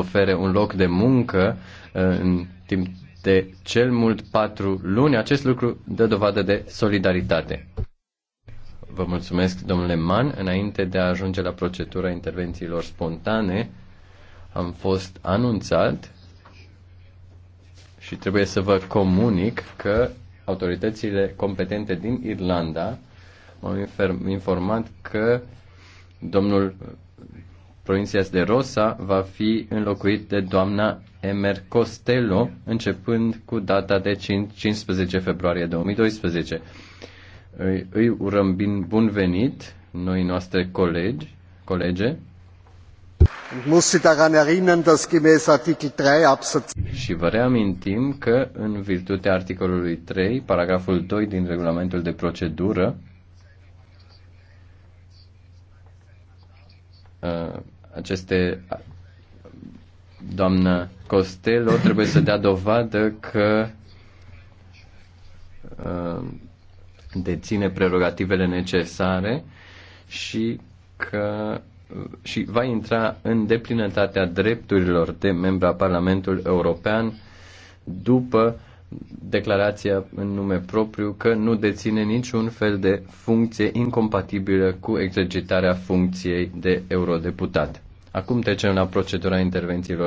ofere un loc de muncă uh, în timp de cel mult patru luni, acest lucru dă dovadă de solidaritate. Vă mulțumesc, domnule Mann. Înainte de a ajunge la procedura intervențiilor spontane, am fost anunțat și trebuie să vă comunic că autoritățile competente din Irlanda m-au informat că domnul Provincia de Rosa va fi înlocuit de doamna Emer Costello, începând cu data de 15 februarie 2012. Îi, îi urăm bin, bun venit noi noastre colegi, colege. Muss Sie daran erinnern, dass gemäß Artikel 3 Absatz Și vă reamintim că în virtutea articolului 3, paragraful 2 din regulamentul de procedură, uh, aceste doamnă Costello trebuie să dea dovadă că deține prerogativele necesare și că și va intra în deplinătatea drepturilor de membru a Parlamentului European după declarația în nume propriu că nu deține niciun fel de funcție incompatibilă cu exercitarea funcției de eurodeputat. Acum trecem la procedura intervențiilor